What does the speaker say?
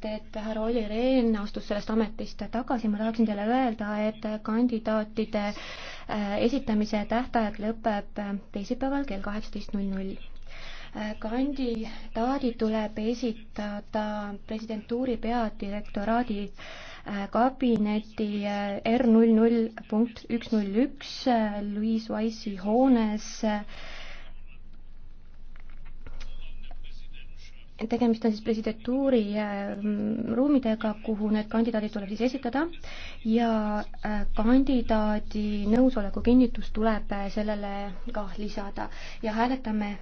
sellest, et härra Olli Rehn astus sellest ametist tagasi, ma tahaksin teile öelda, et kandidaatide äh, esitamise tähtaeg lõpeb äh, teisipäeval kell kaheksateist null null. Äh, kandidaadid tuleb esitada presidentuuri peadirektoraadi kabineti R null null punkt üks null üks Louise Wise'i hoones tegemist on siis presidentuuri äh, ruumidega, kuhu need kandidaadid tuleb siis esitada ja äh, kandidaadi nõusoleku kinnitus tuleb äh, sellele ka lisada ja hääletame